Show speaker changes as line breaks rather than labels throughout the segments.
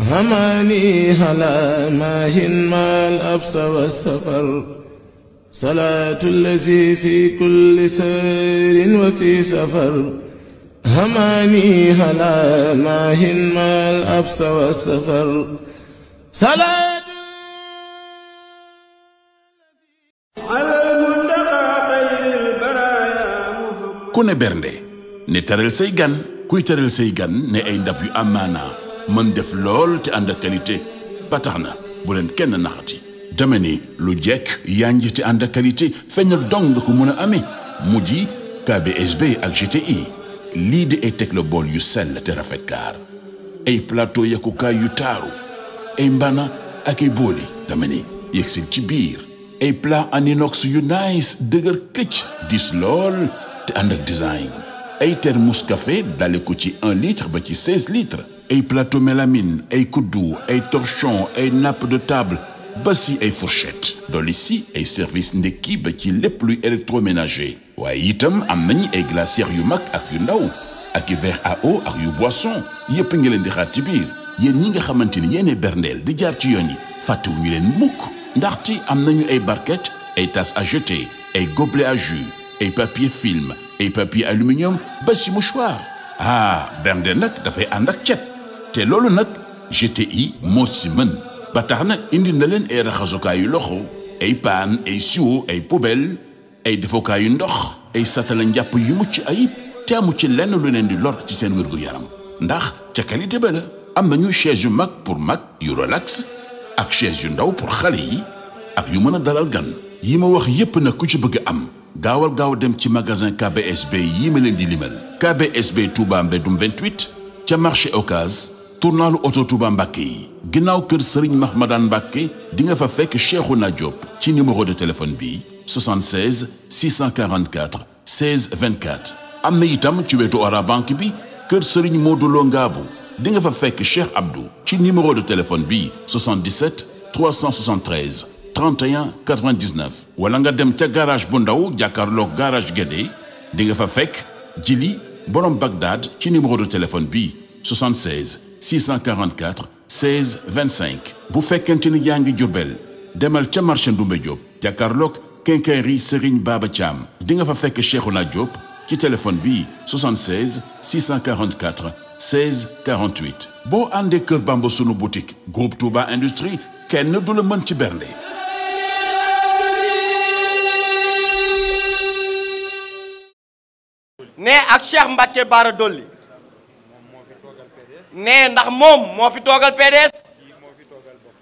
هماني هلا ماهن ما الأبس والسفر صلاة الذي في كل سير وفي سفر هماني هلا ماهن ما الأبس والسفر صلاة ku ne bernde ne tëral say gan kuy tëral say gan ne ay ndab yu amaanaa mën def lool te ànd ak qualité ba tax bu leen kenn naxati dama ni lu jekk yanj te ànd ak qualité feeñ dong nga ko mën a amee mu ji KBSB ak GTI lii di ay bool yu sell te rafet kaar ay plateau yakkukaay yu taaru ay mbana ak ay booli dama ni yegsil ci biir ay plat en yu nice dëgër këcc dis lool te ànd ak design ay thermos kafe dale ko ci 1 litre ba ci 16 liitre ay plateau mélamine ay kudu ay torchon ay nappe de table ba si ay fourchette dolli si ay service ndekki ba ci lépp luy électroménager waaye itam am nañu ay glacières yu mag ak yu ndaw ak yu verre a eau ak yu boisson yépp ngi leen di xaar ci biir yéen ñi nga xamante ni yéene berndeel di jaar ci yoon yi fàttewuñu leen mukk ndaxti am nañu ay barquettes ay tasses à jeter ay gobelets à jus ay papier film ay papier aluminium ba si mouchoir ah nag dafay ànd ak cet te loolu nag GTI moo si mën ba tax na indi na leen ay yu loxo ay paan ay siwo ay poubelle ay yu ndox ay satala njàpp yu mucc ayib te amu ci lenn lu leen di lor ci seen wér yaram ndax ca qualité am nañu chaise yu mag pour mag yu relax ak chaise yu ndaw pour xale yi ak yu mën a dalal gan yi ma wax yépp nag ku ci bëgg am gaawal gaaw dem ci magasin KBSB yi ma leen di limal KBSB Touba Mbédoum 28 ca marché ocase tournalu oto Touba Mbàkke yi ginnaaw kër Serigne Mahmadane Mbàkke di nga fa fekk Cheikhouna Diop ci numéro de téléphone bi 76 644 16 24 am na itam ci wetu Orabank bi kër Serigne Modou loo Ngaabu dinga fa fekk Cheikh Abdou ci numéro de téléphone bi 77 373 31 99 wala nga dem ca garage bu ndaw jàkkaarlook garaaj Guédé di nga fa fekk Jili borom Bagdad ci numéro de téléphone bi 76 644 16 25 bu fekkente ni yaa ngi Jurbel demal ca marché Ndoumbé Diop jàkkaarloog quincaillerie Serigne Baba Thiam di nga fa fekk Cheikhouna Diop ci téléphone bi 76 boo àndee Kër Bamba sunu boutique groupe Touba Industrie kenn du la mën ci bernde
ne ak Cheikh Mbacké Bara Dolly ne ndax moom moo fi toogal PDS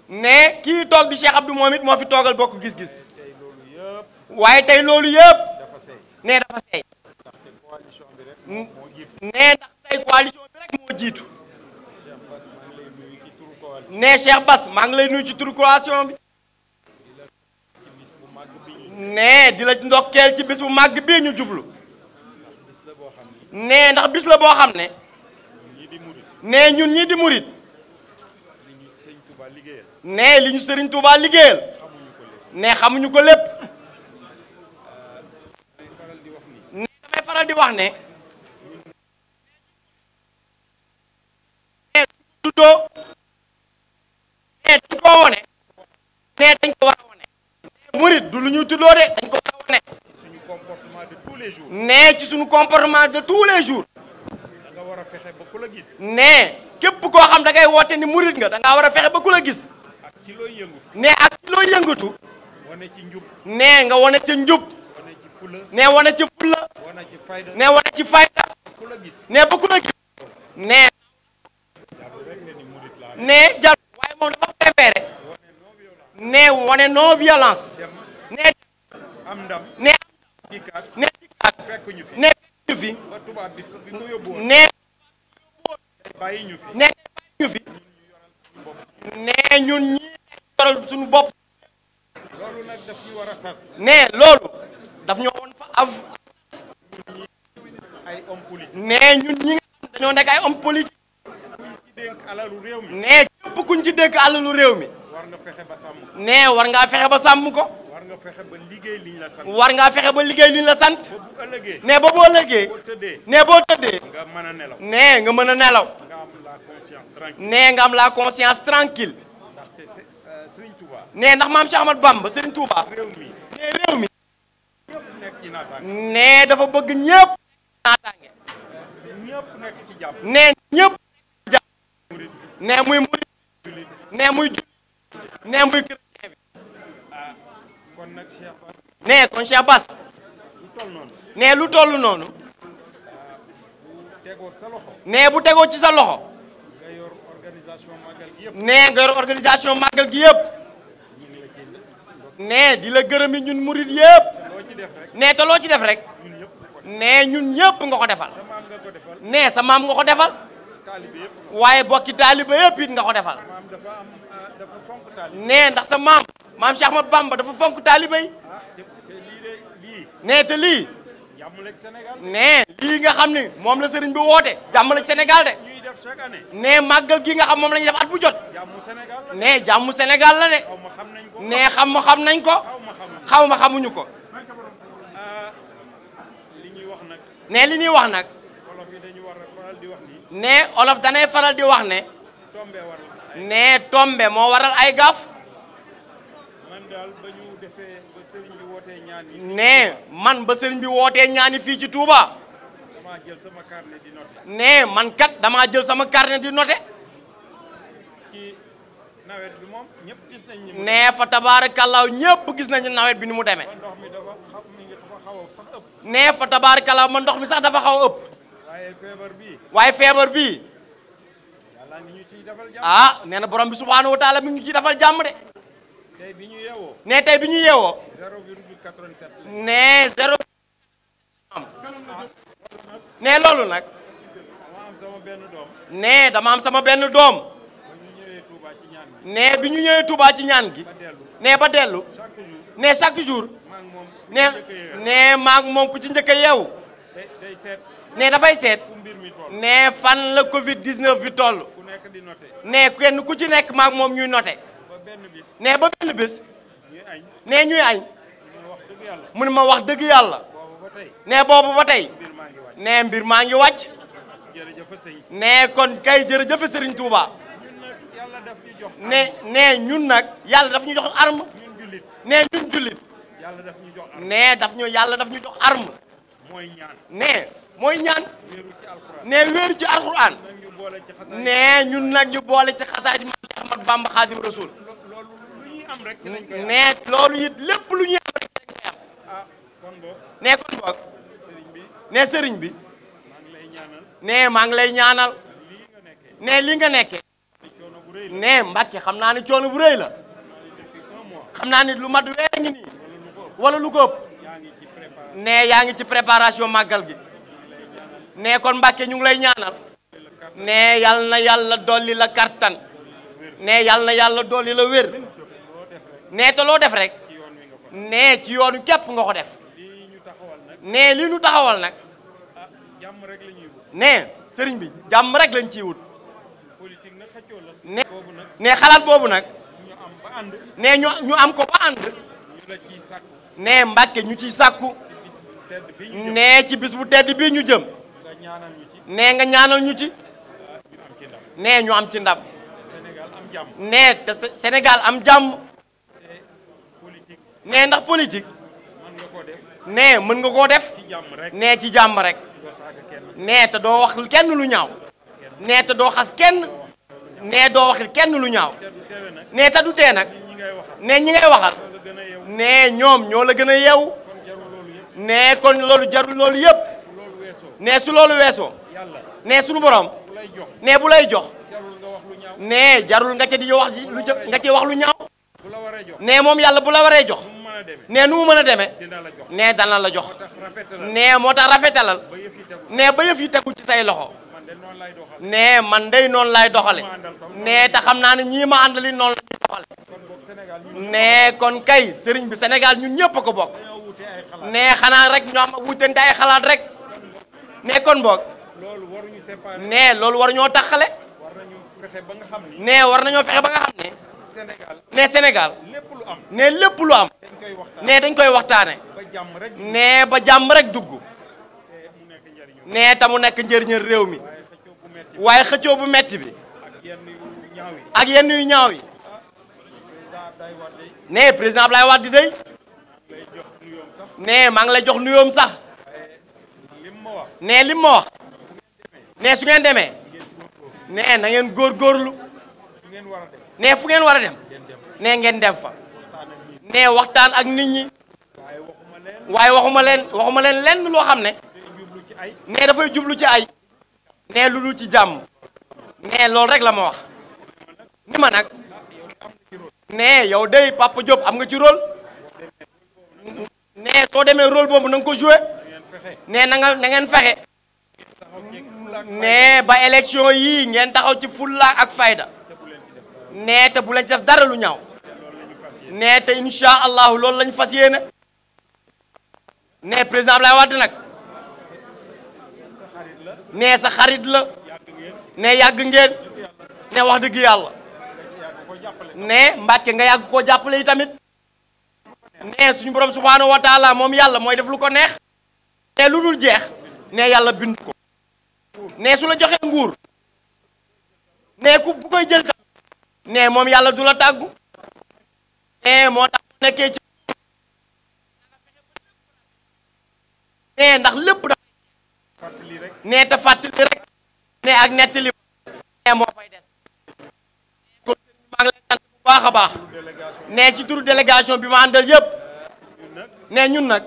ne kii toog di Cheikh Abdou moom it moo fi toogal bokk gis-gis waaye tey loolu yëpp ne dafa seey ne ndax tey coalition bi rek moo jiitu ne Cheikh Bass maa ngi lay nuyu ci turu coalition bi ne di la ndokkeel ci bis bu màgg bii ñu jublu ne ndax bis la boo xam ne nee ñun ñi di murit nee li ñu sëriñ Touba liggéeyal nee xamuñu ko lépp nee damay faral di wax ne nee tuddoo nee dañ ko wone nee dañ ko war a wone murit du lu ñuy tuddoo de dañ ko war a wone nee ci suñu comportement de tous les jours
war a fexe ba gis.
ne képp koo xam da ngay woote ni murit nga da ngaa war a fexe ba ku la gis.
ak yëngu.
ne ak kilo looy yëngatu. wane ci njub. ne nga wane ci njub. wane ci fula. ne wane ci fula. wane ci fayda. ne ci fayda. la gis. ne ba ku la gis. ne. ne jàll. waaye moom dafa préféré. ne wane non violence. ne. am ndam. ne.
fekk ñu fi. ne. bàyyi
ñu fi nee ñu fi nee ñun suñu bopp loolu nag war a sas nee loolu daf ñu woon fa av ay homme politique nee ñun ñi nga xam dañoo nekk ay homme politique nee képp kuñ ci dénk alalu réew mi war nga fexe ba sàmm nee war ngaa fexe ba sàmm ko war nga fexe ba liggéey liñ la sant war ngaa fexe ba liggéey liñ la sant
nee ba boo ëllëgee nee boo tëddee
nee nga mën a nelaw nee nga la conscience tranquille euh, nee ndax maam Cheikh Ahmad Bamba Serigne Touba
nee réew mi nee dafa bëgg ñëpp
naataange nee ñëpp ci nee muy murid nee muy jullit nee muy chrétien ah, nee kon Cheikh Bass nee lu toll noonu ah, nee bu tegoo ci sa loxo nee nga yor organisation màggal gi yëpp. nee di la gërëm yi ñun murit yëpp. nee te loo ci def rek. nee ñun ñëpp nga ko defal. nee sa maam nga ko defal. waaye bokki taaliba yëpp it nga ko defal. Ah, nee ndax sa maam. maam Cheikh Ahmad Bamba dafa fonk taaliba yi. nee ah, te lii. nee lii nga xam ni moom la sëriñ bi woote jàmm la ci Sénégal de. ne màggal gii nga xam moom la ñuy def at bu jot ne jàmm Sénégal la de ne xam ma xam nañ ko xaw ma xamuñu ko euh, ne li ñuy wax nag ne olof danay faral di wax ne ne tombe moo waral ay gaaf ne man ba sëriñ bi wootee ñaani fii ci Touba. ne man kat damaa jël sama carnet di noté. nee fa tabaarakallaaw ñëpp gis nañu nawet bi ni mu demee. nee fa tabaarakallaaw ma ndox mi sax dafa xaw a ëpp. waaye feebar bi ah nee na borom bi subhaanahu wa taala mi ngi ciy defal jàmm de. nee tey bi ñu yeewoo. nee 0,87 ne loolu nag ne dama am sama benn doom ne bi ñu ñëwee Touba ci ñaan gi ne ba dellu ne chaque jour ne ne maak moom ku ci njëkk a yeewu ne dafay seet ne fan la Covid 19 bi toll ne kenn ku ci nekk maak moom ñuy note ne ba benn bés ne ñuy añ mu ma wax dëgg yàlla ne boobu ba tey ne mbir maa ngi wàcc ne kon kay jërëjëf Serigne Touba ne nee ñun nag yàlla daf ñu jox arme nee ñun jullit nee daf ñu yàlla daf ñu jox arme nee mooy ñaan nee wéeru ci alxuraan ne ñun nag ñu boole ci xasaayid Maam Cheikh Ahmad Bamba Xaadim Rasul nee loolu it lépp lu ñuy am rek dañ ah, kon boog ne seriñ bi ne maa ngi lay ñaanal ne li nga nekkee ne Mbàkke xam naa ni coono bu rëy la xam naa ni lu mat weer ngi nii wala lu ko ëpp ne yaa ngi ci préparation màggal gi ne kon Mbàkke ñu ngi lay ñaanal ne yal na yàlla dolli la kartan ne yal na yàlla dolli la wér ne te loo def rek ne ci yoonu képp nga ko def nee li nu taxawal nag nee sëriñ bi jàmm rek lañ ciy wut nee nee xalaat boobu nag nee ñu am ko ba ànd nee Mbàkke ñu ciy sàkku nee ci bis bu tedd bi ñu jëm nee nga ñaanal ñu ci nee ñu am ci ndam nee te Sénégal am jàmm nee ndax politique nee mën nga koo def nee ci jàmm rek nee te doo wax kenn lu ñaaw nee te doo xas kenn nee doo waxil kenn lu ñaaw nee te du tee nag nee ñi ngay waxal nee ñoom ñoo la gën a yeewu nee kon loolu jarul loolu yëpp nee su loolu weesoo nee suñu borom nee bu lay jox nee jarul nga ca di wax ji lu ca nga ci wax lu ñaaw nee moom yàlla bu la waree jox. nee nu mu mën a demee nee dana la jox nee moo tax rafetalal ne ba yëf yi tegu ci say loxo ne man day noonu laay doxale nee te xam naa ne ñii ma àndali noonu laay doxale ne kon kay sëriñ bi senegal ñun ñëpp ko bokk nee xanaa rek ñoo am a wutante ay xalaat rek ne kon boog nee loolu waruñoo taxale nee war nañoo fexe ba nga xam ne nee Sénégal nee lépp lu am ne dañ koy waxtaane ne ba jàmm rek dugg ne ta mu nekk njëriñal réew mi waaye xëccoo bu metti bi ak yenn yu ñaaw yi ne président Ablaye Wade day ne maa ngi lay jox nuyoom sax ne lim ma wax ne su ngeen demee ne na ngeen góorgóorlu nee fu ngeen war a dem ne ngeen dem fa nee waxtaan ak nit ñi waaye waxuma leen waxuma leen lenn loo xam ne nee dafay jublu ci ay nee lu dul ci jàmm nee loolu rek la ma wax ni ma nag nee yow day Papa Diop am nga ci rôle nee soo demee rôle boobu na ko joué nee na nga na ngeen fexe nee ba élection yii ngeen taxaw ci fulla ak fayda nee te bu leen ci def dara lu ñaaw nee te incha allahu loolu lañu fas yéene nee président Abdoulaye Wade nag nee sa xarit la nee yàgg ngeen nee wax dëgg yàlla nee Mbàkke nga yàgg koo jàppale yi tamit nee suñu borom subhaanahu wa taala moom yàlla mooy def lu ko neex nee lu dul jeex nee yàlla bind ko nee su la joxee nguur nee ku bu koy jël nee moom yàlla du la tàggu mais eh, moo tax nekkee ci mais eh, ndax lépp da nee te fàttali rek ne ak nettali nee eh, moo fay des kon maa ngi lay sant bu baax a baax nee ci turu délégation bi ma àndal yëpp nee ñun nag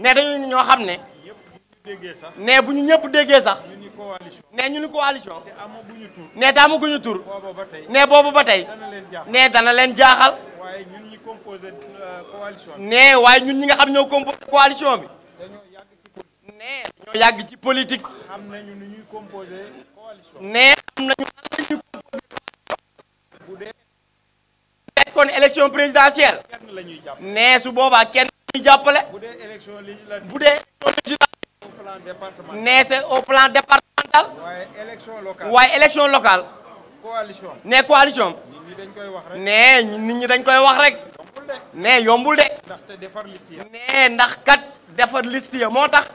nee dañu ñoo xam ne nee bu ñu ñëpp déggee sax ne ñu ni coalition ne te amaguñu tur ne boobu ba tey ne dana leen jaaxal ne euh, waaye ñun ñi nga xam ñoo composé coalition bi ne dañoo yàgg ci politique ne am nañu nan lañuy composé fekk kon élection présidentielle ne su boobaa kenn lañuy jàppale bu dee élection législative c'est au plan daal waaye élection locale ne coalition ne nit ñi dañ koy wax rek ne yombul de ne ndax kat defar liste ya moo tax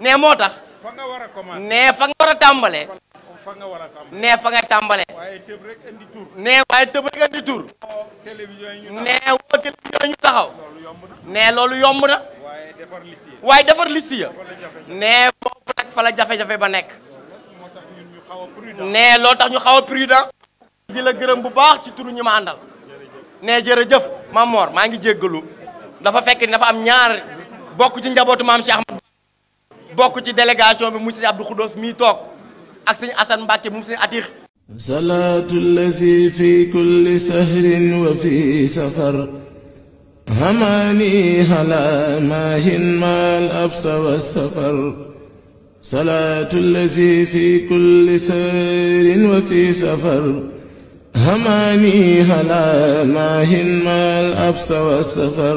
ne moo tax ne fa nga war a tàmbalee ne fa nga tàmbalee ne waaye tëb rek indi tur ne woo télévision ñu taxaw ne loolu yomb na waaye defar liste ya ne foofu nag fa la jafe-jafe ba nekk nee loo tax ñu xaw a prudent di la gërëm bu baax ci turu ñi ma àndal nee jërëjëf maam Mor maa ngi jéggalu dafa fekk ni dafa am ñaar bokk ci njabootu maam Cheikh Ahmad bokk ci délégation bi mu sëñ Abdou Khoudous mii toog ak sëñ Assane Mbacke mu sëñ Atix
salaatu allazi fi kulli sahrin wa fi safar hamani hala maahin maal absa wa safar salaatu allazi fi kulli sayrin wa fi safar hamaani hala maahin maal absa wa safar